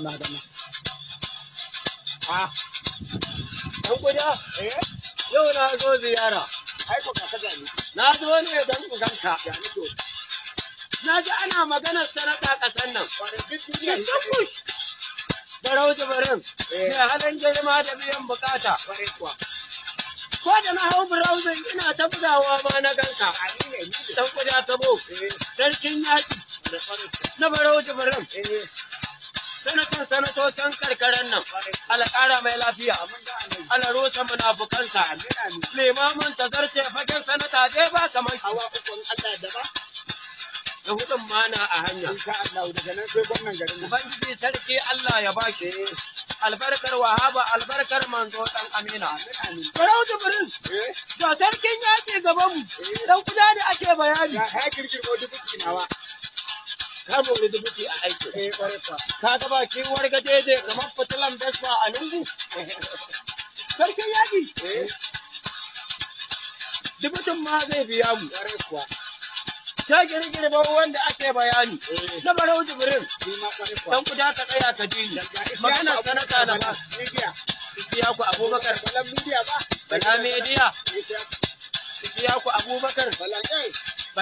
na ah dan guda eh yau na zo ziyara ai ko kaka gani na zo ne dan ku ganka ya to na ji ana maganar sarata kasan nan barau barin. ya eh. halin girma da biyan bukata ko da na hau burauzin ina ta bugawa ma na ganka dan kuda tabo eh. sarkin yaƙi. na barau da jibirin eh. sanatan sanatocin karkarar nan ala mai lafiya ala rusa munafukansa limamin ta zarce fagen sanata dai ba kamar shi da hudun mana a hanya ubangiji sarki allah ya baki albarkar wahaba albarkar manzo dan amina farau jibrin da eh? sarkin yaki gaban mu dan eh? da ake bayani ya dubu kinawa saboda da muke a aiki eh, ka ga baki gaje da kamar fitilan besma a lungu sarkin yaƙi eh. dubutin ma zai biya mu ta girgire ba wanda ake bayani eh. na barau jibrin dan kuda ta tsaya ta ji magana sanata na ba biya ku abubakar bala media ba bala media biya ku abubakar bala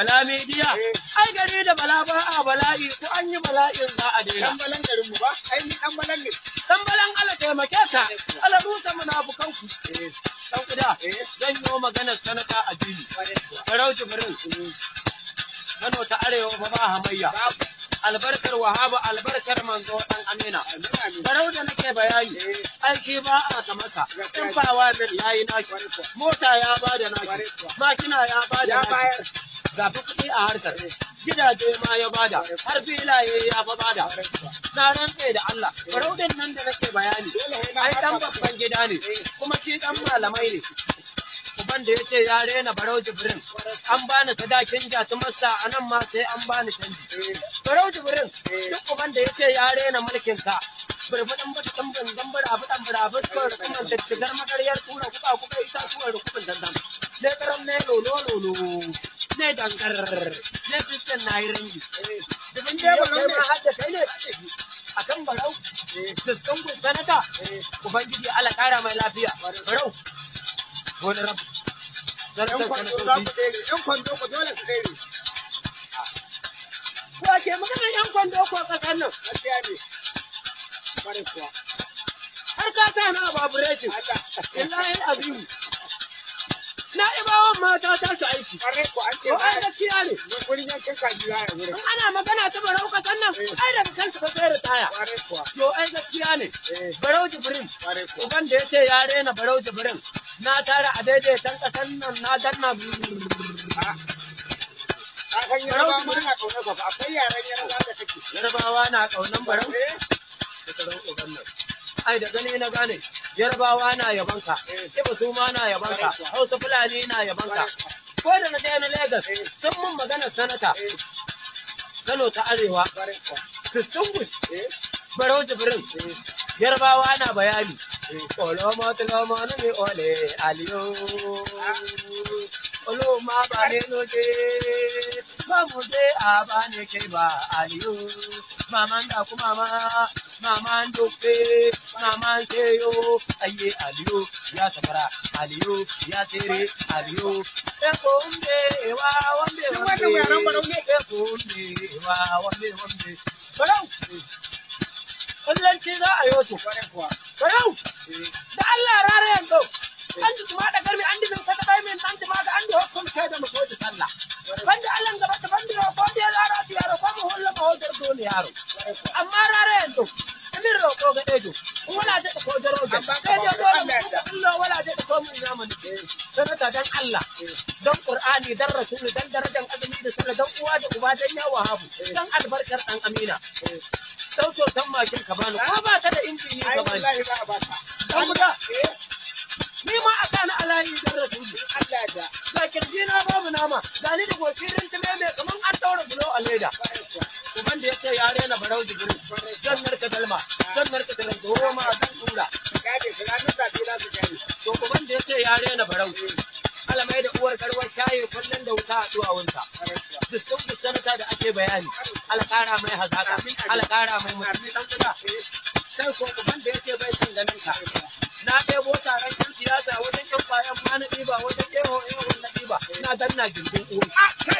bala media eh. ai gari da bala ba a bala'i ko an yi bala'in za a daina Tambalan garin mu ba ai ni ne ala taimake ka eh. ala rusa munafukan ku dan eh. kuda zan yi magana sanata a jini farau jibrin mm. Kano ta arewa ba ba hamayya albarkar wahaba albarkar manzo dan amina barau da nake bayani aiki ba a ta masa in ba wa mota ya da naki makina ya da naki ga fa kuɗi a harkar gidaje ma ya bada har filaye ya fa bada na rantse da Allah faraudin nan da nake bayani ai dan babban gida ne kuma shi dan malamai ne uban da yace ya rena barau jibrin an bani sadakin jatumarsa a nan ma sai an bani canji barau jibrin duk uban da yace ya rena mulkin ka burbuɗin mutum ban zambara abu dan burabu suwar kuma da shigar makaryar tura kuka kuka ita suwar da dandan ne karam ne lolo lolo ne dangar ne fitan na yi rangi domin ne barau ne hada kai ne a kan barau eh, fiskan ku sanata eh. ubangiji ala kara mai lafiya barau wani rabu yan kwanto za ku ɗere yan kwanto ku dole su ɗere ko ke magana yan kwanto ko tsakan nan gaskiya ne bare kuwa har ka ta na babu rashin illahi azimi na ibawan mata ta su aiki ko ai gaskiya ne wurin yankin kaji ya wurin ana magana ta barau ka sannan eh. ai daga kansu ka sai taya. yo ai gaskiya ne eh. barau jibrin uban da yace ya rena barau jibrin na tara a daidai tan kasan nan na danna ah, Yarbawa na ƙaunar barau? Eh. Ai da gani na gane. yarbawa na yabanka ibo su ma na yabanka hausa fulani na yabanka ko da na dena na lagos sun mun magana sanata kano ta arewa distinguish barau jibrin yarbawa na bayani olomo mi ole aliyo oloma ba ne bavuze abanekeba aliyo mama ndaku mama mama ndope mama nzeyo aye aliyo yatabara aliyo yatere aliyo ekombe wa wande wambe ekombe wa wande wambe barau kullanci za a yi wato barau da Allah rare yanzu an ji tuma da garbi an dibin ta ta bai min an tuma da an da wasu kai da Allah banda Allah ga bata bandi ro ko de lara ti yaro ko holla ko der do ni amma rara yanzu kamir ro ko ga ejo wala da ko daro ga edo do Allah wala da ko mun ina mun dan ta dan Allah dan Qur'ani dan Rasulu dan darajan azumi da sallah dan uwa da uba dan yawa habu dan albarkar dan amina dan makin ka bani ko ba ka da injini ka bani dan nama ni da goshi rintume mai kaman an taura bulo a leda uban da yake yare na barau jibiri zan narka dalma zan narka dalma goma zan tura to uban da yake yare na barau alamai da uwar garwar tayi kullun da wuta a duwawunta dukkan dukkanata da ake bayani alƙara mai hazaka alƙara mai mutum dan kuda sai ko uban da yake bai san ganin ka na gindin uri